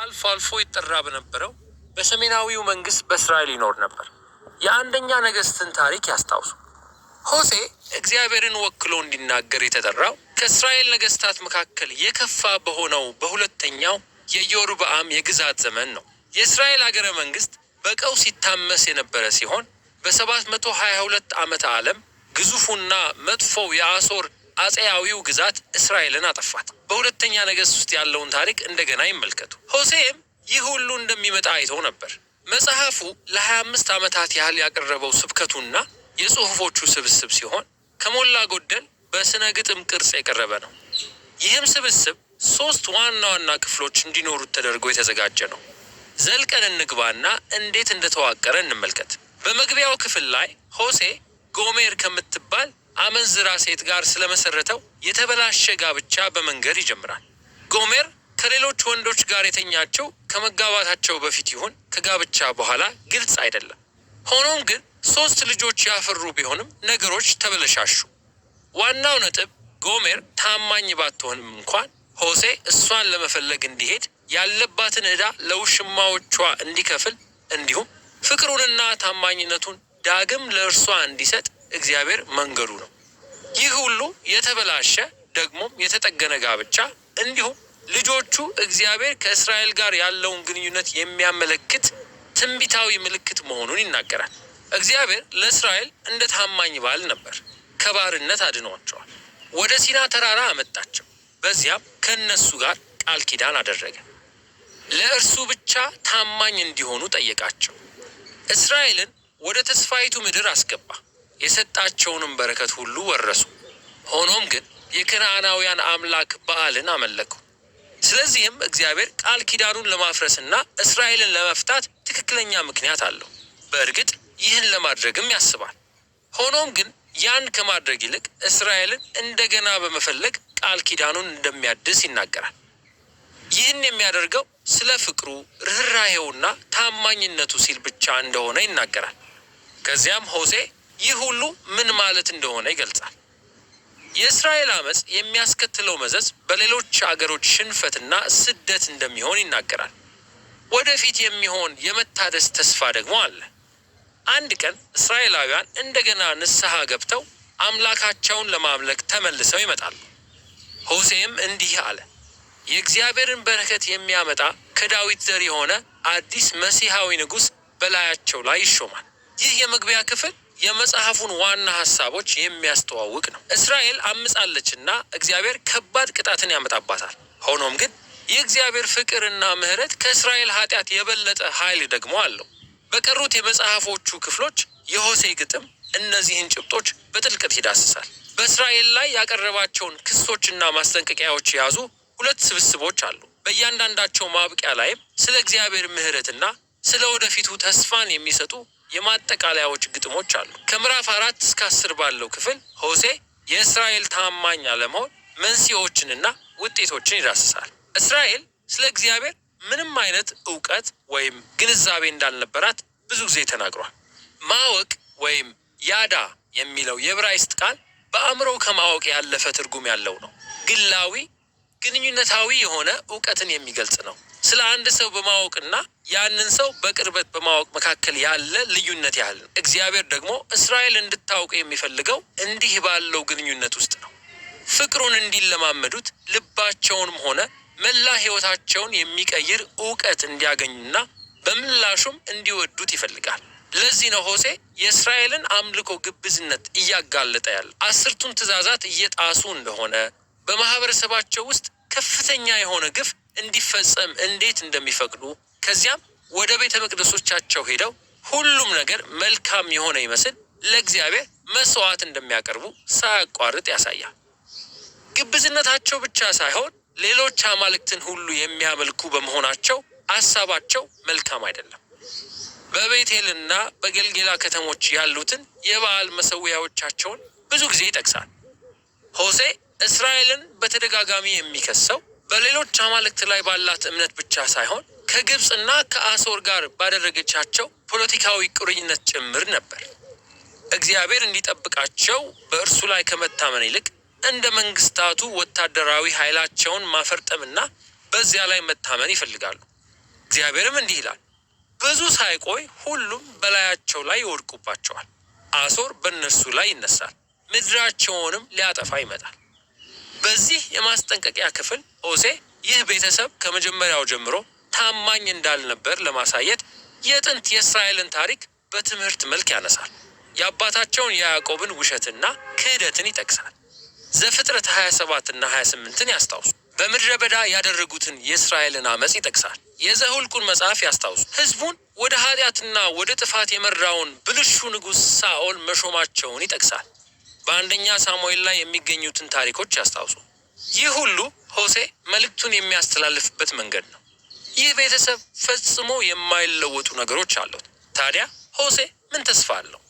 አልፎ አልፎ ይጠራ በነበረው በሰሜናዊው መንግስት በእስራኤል ይኖር ነበር። የአንደኛ ነገስትን ታሪክ ያስታውሱ። ሆሴ እግዚአብሔርን ወክሎ እንዲናገር የተጠራው ከእስራኤል ነገስታት መካከል የከፋ በሆነው በሁለተኛው የኢዮርብዓም የግዛት ዘመን ነው። የእስራኤል አገረ መንግስት በቀውስ ሲታመስ የነበረ ሲሆን በ722 ዓመተ ዓለም ግዙፉና መጥፎው የአሶር ። አጼያዊው ግዛት እስራኤልን አጠፋት። በሁለተኛ ነገሥት ውስጥ ያለውን ታሪክ እንደገና ይመልከቱ። ሆሴም ይህ ሁሉ እንደሚመጣ አይተው ነበር። መጽሐፉ ለ25 ዓመታት ያህል ያቀረበው ስብከቱና የጽሑፎቹ ስብስብ ሲሆን ከሞላ ጎደል በሥነ ግጥም ቅርጽ የቀረበ ነው። ይህም ስብስብ ሶስት ዋና ዋና ክፍሎች እንዲኖሩት ተደርጎ የተዘጋጀ ነው። ዘልቀን እንግባና እንዴት እንደተዋቀረ እንመልከት። በመግቢያው ክፍል ላይ ሆሴ ጎሜር ከምትባል አመንዝራ ሴት ጋር ስለመሰረተው የተበላሸ ጋብቻ በመንገር ይጀምራል። ጎሜር ከሌሎች ወንዶች ጋር የተኛቸው ከመጋባታቸው በፊት ይሁን ከጋብቻ በኋላ ግልጽ አይደለም። ሆኖም ግን ሶስት ልጆች ያፈሩ ቢሆንም ነገሮች ተበለሻሹ። ዋናው ነጥብ ጎሜር ታማኝ ባትሆንም እንኳን ሆሴ እሷን ለመፈለግ እንዲሄድ ያለባትን ዕዳ ለውሽማዎቿ እንዲከፍል እንዲሁም ፍቅሩንና ታማኝነቱን ዳግም ለእርሷ እንዲሰጥ እግዚአብሔር መንገዱ ነው። ይህ ሁሉ የተበላሸ ደግሞም የተጠገነ ጋብቻ እንዲሁም ልጆቹ እግዚአብሔር ከእስራኤል ጋር ያለውን ግንኙነት የሚያመለክት ትንቢታዊ ምልክት መሆኑን ይናገራል። እግዚአብሔር ለእስራኤል እንደ ታማኝ ባል ነበር። ከባርነት አድኗቸዋል። ወደ ሲና ተራራ አመጣቸው። በዚያም ከእነሱ ጋር ቃል ኪዳን አደረገ። ለእርሱ ብቻ ታማኝ እንዲሆኑ ጠየቃቸው። እስራኤልን ወደ ተስፋይቱ ምድር አስገባ። የሰጣቸውንም በረከት ሁሉ ወረሱ። ሆኖም ግን የከነአናውያን አምላክ በዓልን አመለኩ። ስለዚህም እግዚአብሔር ቃል ኪዳኑን ለማፍረስና እስራኤልን ለመፍታት ትክክለኛ ምክንያት አለው። በእርግጥ ይህን ለማድረግም ያስባል። ሆኖም ግን ያን ከማድረግ ይልቅ እስራኤልን እንደገና በመፈለግ ቃል ኪዳኑን እንደሚያድስ ይናገራል። ይህን የሚያደርገው ስለ ፍቅሩ ርኅራሄውና ታማኝነቱ ሲል ብቻ እንደሆነ ይናገራል። ከዚያም ሆሴ ይህ ሁሉ ምን ማለት እንደሆነ ይገልጻል። የእስራኤል አመፅ የሚያስከትለው መዘዝ በሌሎች አገሮች ሽንፈትና ስደት እንደሚሆን ይናገራል። ወደፊት የሚሆን የመታደስ ተስፋ ደግሞ አለ። አንድ ቀን እስራኤላውያን እንደገና ንስሐ ገብተው አምላካቸውን ለማምለክ ተመልሰው ይመጣሉ። ሆሴም እንዲህ አለ፣ የእግዚአብሔርን በረከት የሚያመጣ ከዳዊት ዘር የሆነ አዲስ መሲሐዊ ንጉሥ በላያቸው ላይ ይሾማል። ይህ የመግቢያ ክፍል የመጽሐፉን ዋና ሀሳቦች የሚያስተዋውቅ ነው። እስራኤል አምጻለችና እግዚአብሔር ከባድ ቅጣትን ያመጣባታል። ሆኖም ግን የእግዚአብሔር ፍቅርና ምሕረት ከእስራኤል ኃጢአት የበለጠ ኃይል ደግሞ አለው። በቀሩት የመጽሐፎቹ ክፍሎች የሆሴ ግጥም እነዚህን ጭብጦች በጥልቀት ይዳስሳል። በእስራኤል ላይ ያቀረባቸውን ክሶችና ማስጠንቀቂያዎች የያዙ ሁለት ስብስቦች አሉ። በእያንዳንዳቸው ማብቂያ ላይም ስለ እግዚአብሔር ምሕረትና ስለ ወደፊቱ ተስፋን የሚሰጡ የማጠቃለያዎች ግጥሞች አሉ። ከምዕራፍ አራት እስከ አስር ባለው ክፍል ሆሴ የእስራኤል ታማኝ አለመሆን መንስኤዎችንና ውጤቶችን ይዳስሳል። እስራኤል ስለ እግዚአብሔር ምንም አይነት እውቀት ወይም ግንዛቤ እንዳልነበራት ብዙ ጊዜ ተናግሯል። ማወቅ ወይም ያዳ የሚለው የዕብራይስጥ ቃል በአእምሮ ከማወቅ ያለፈ ትርጉም ያለው ነው። ግላዊ ግንኙነታዊ የሆነ እውቀትን የሚገልጽ ነው። ስለ አንድ ሰው በማወቅና ያንን ሰው በቅርበት በማወቅ መካከል ያለ ልዩነት ያህል ነው። እግዚአብሔር ደግሞ እስራኤል እንድታውቅ የሚፈልገው እንዲህ ባለው ግንኙነት ውስጥ ነው። ፍቅሩን እንዲለማመዱት ልባቸውንም ሆነ መላ ሕይወታቸውን የሚቀይር እውቀት እንዲያገኙና በምላሹም እንዲወዱት ይፈልጋል። ለዚህ ነው ሆሴ የእስራኤልን አምልኮ ግብዝነት እያጋለጠ ያለ አስርቱን ትእዛዛት እየጣሱ እንደሆነ በማህበረሰባቸው ውስጥ ከፍተኛ የሆነ ግፍ እንዲፈጸም እንዴት እንደሚፈቅዱ ከዚያም ወደ ቤተ መቅደሶቻቸው ሄደው ሁሉም ነገር መልካም የሆነ ይመስል ለእግዚአብሔር መስዋዕት እንደሚያቀርቡ ሳያቋርጥ ያሳያል። ግብዝነታቸው ብቻ ሳይሆን ሌሎች አማልክትን ሁሉ የሚያመልኩ በመሆናቸው አሳባቸው መልካም አይደለም። በቤቴልና በገልጌላ ከተሞች ያሉትን የበዓል መሰዊያዎቻቸውን ብዙ ጊዜ ይጠቅሳል። ሆሴ እስራኤልን በተደጋጋሚ የሚከሰው በሌሎች አማልክት ላይ ባላት እምነት ብቻ ሳይሆን ከግብፅና ከአሶር ጋር ባደረገቻቸው ፖለቲካዊ ቁርኝነት ጭምር ነበር። እግዚአብሔር እንዲጠብቃቸው በእርሱ ላይ ከመታመን ይልቅ እንደ መንግስታቱ ወታደራዊ ኃይላቸውን ማፈርጠምና በዚያ ላይ መታመን ይፈልጋሉ። እግዚአብሔርም እንዲህ ይላል፣ ብዙ ሳይቆይ ሁሉም በላያቸው ላይ ይወድቁባቸዋል። አሶር በእነርሱ ላይ ይነሳል፣ ምድራቸውንም ሊያጠፋ ይመጣል። በዚህ የማስጠንቀቂያ ክፍል ሆሴ ይህ ቤተሰብ ከመጀመሪያው ጀምሮ ታማኝ እንዳልነበር ለማሳየት የጥንት የእስራኤልን ታሪክ በትምህርት መልክ ያነሳል። የአባታቸውን የያዕቆብን ውሸትና ክህደትን ይጠቅሳል። ዘፍጥረት 27ና 28ን ያስታውሱ። በምድረ በዳ ያደረጉትን የእስራኤልን አመፅ ይጠቅሳል። የዘሁልቁን መጽሐፍ ያስታውሱ። ህዝቡን ወደ ኃጢአትና ወደ ጥፋት የመራውን ብልሹ ንጉሥ ሳኦል መሾማቸውን ይጠቅሳል። በአንደኛ ሳሙኤል ላይ የሚገኙትን ታሪኮች ያስታውሱ። ይህ ሁሉ ሆሴ መልእክቱን የሚያስተላልፍበት መንገድ ነው። ይህ ቤተሰብ ፈጽሞ የማይለወጡ ነገሮች አሉት። ታዲያ ሆሴ ምን ተስፋ አለው?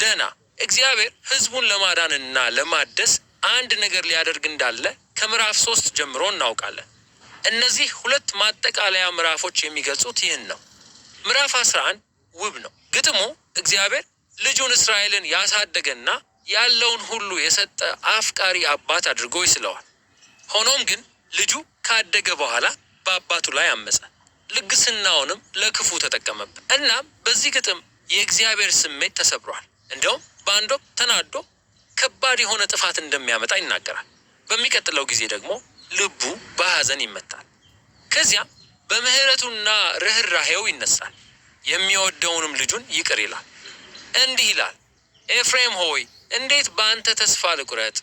ደህና እግዚአብሔር ሕዝቡን ለማዳንና ለማደስ አንድ ነገር ሊያደርግ እንዳለ ከምዕራፍ ሶስት ጀምሮ እናውቃለን። እነዚህ ሁለት ማጠቃለያ ምዕራፎች የሚገልጹት ይህን ነው። ምዕራፍ 11 ውብ ነው። ግጥሙ እግዚአብሔር ልጁን እስራኤልን ያሳደገና ያለውን ሁሉ የሰጠ አፍቃሪ አባት አድርጎ ይስለዋል። ሆኖም ግን ልጁ ካደገ በኋላ በአባቱ ላይ አመፀ፣ ልግስናውንም ለክፉ ተጠቀመበት። እናም በዚህ ግጥም የእግዚአብሔር ስሜት ተሰብሯል። እንደውም በአንድ ወቅት ተናዶ ከባድ የሆነ ጥፋት እንደሚያመጣ ይናገራል። በሚቀጥለው ጊዜ ደግሞ ልቡ በሐዘን ይመታል። ከዚያም በምህረቱና ርኅራሄው ይነሳል፣ የሚወደውንም ልጁን ይቅር ይላል። እንዲህ ይላል ኤፍሬም ሆይ እንዴት በአንተ ተስፋ ልቁረጥ?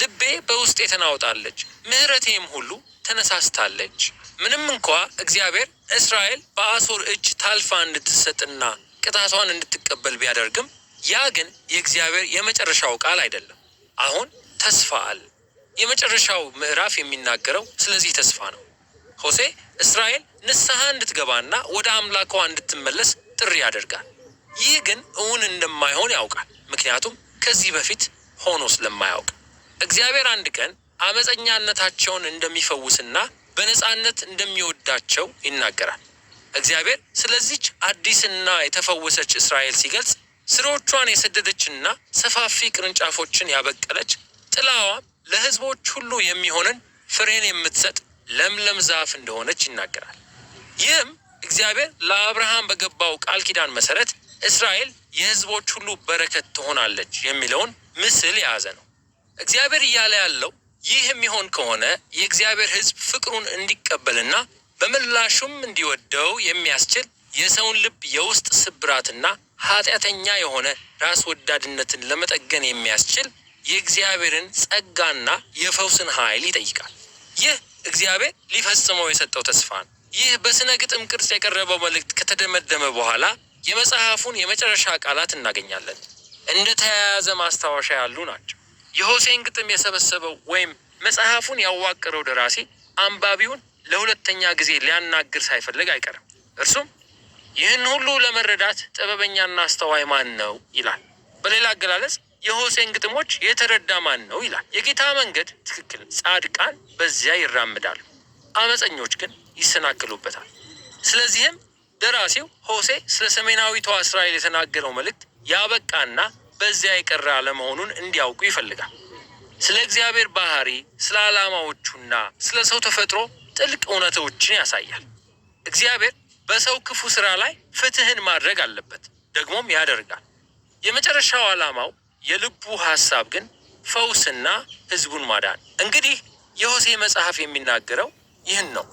ልቤ በውስጤ ተናውጣለች፣ ምሕረቴም ሁሉ ተነሳስታለች። ምንም እንኳ እግዚአብሔር እስራኤል በአሶር እጅ ታልፋ እንድትሰጥና ቅጣቷን እንድትቀበል ቢያደርግም ያ ግን የእግዚአብሔር የመጨረሻው ቃል አይደለም። አሁን ተስፋ አለ። የመጨረሻው ምዕራፍ የሚናገረው ስለዚህ ተስፋ ነው። ሆሴ እስራኤል ንስሐ እንድትገባና ወደ አምላኳ እንድትመለስ ጥሪ ያደርጋል። ይህ ግን እውን እንደማይሆን ያውቃል፣ ምክንያቱም ከዚህ በፊት ሆኖ ስለማያውቅ እግዚአብሔር አንድ ቀን አመፀኛነታቸውን እንደሚፈውስና በነፃነት እንደሚወዳቸው ይናገራል። እግዚአብሔር ስለዚች አዲስና የተፈወሰች እስራኤል ሲገልጽ ስሮቿን የሰደደችና ሰፋፊ ቅርንጫፎችን ያበቀለች ጥላዋም ለሕዝቦች ሁሉ የሚሆንን ፍሬን የምትሰጥ ለምለም ዛፍ እንደሆነች ይናገራል። ይህም እግዚአብሔር ለአብርሃም በገባው ቃል ኪዳን መሰረት እስራኤል የህዝቦች ሁሉ በረከት ትሆናለች የሚለውን ምስል የያዘ ነው። እግዚአብሔር እያለ ያለው ይህ የሚሆን ከሆነ የእግዚአብሔር ህዝብ ፍቅሩን እንዲቀበልና በምላሹም እንዲወደው የሚያስችል የሰውን ልብ የውስጥ ስብራትና ኃጢአተኛ የሆነ ራስ ወዳድነትን ለመጠገን የሚያስችል የእግዚአብሔርን ጸጋና የፈውስን ኃይል ይጠይቃል። ይህ እግዚአብሔር ሊፈጽመው የሰጠው ተስፋ ነው። ይህ በስነ ግጥም ቅርጽ የቀረበው መልእክት ከተደመደመ በኋላ የመጽሐፉን የመጨረሻ ቃላት እናገኛለን። እንደ ተያያዘ ማስታወሻ ያሉ ናቸው። የሆሴን ግጥም የሰበሰበው ወይም መጽሐፉን ያዋቀረው ደራሲ አንባቢውን ለሁለተኛ ጊዜ ሊያናግር ሳይፈልግ አይቀርም። እርሱም ይህን ሁሉ ለመረዳት ጥበበኛና አስተዋይ ማን ነው ይላል። በሌላ አገላለጽ የሆሴን ግጥሞች የተረዳ ማን ነው ይላል። የጌታ መንገድ ትክክል፣ ጻድቃን በዚያ ይራምዳሉ፣ አመፀኞች ግን ይሰናክሉበታል። ስለዚህም ደራሲው ሆሴ ስለ ሰሜናዊቷ እስራኤል የተናገረው መልእክት ያበቃና በዚያ የቀረ አለመሆኑን እንዲያውቁ ይፈልጋል። ስለ እግዚአብሔር ባህሪ፣ ስለ ዓላማዎቹና ስለ ሰው ተፈጥሮ ጥልቅ እውነቶችን ያሳያል። እግዚአብሔር በሰው ክፉ ስራ ላይ ፍትህን ማድረግ አለበት፣ ደግሞም ያደርጋል። የመጨረሻው ዓላማው የልቡ ሐሳብ ግን ፈውስና ሕዝቡን ማዳን። እንግዲህ የሆሴ መጽሐፍ የሚናገረው ይህን ነው።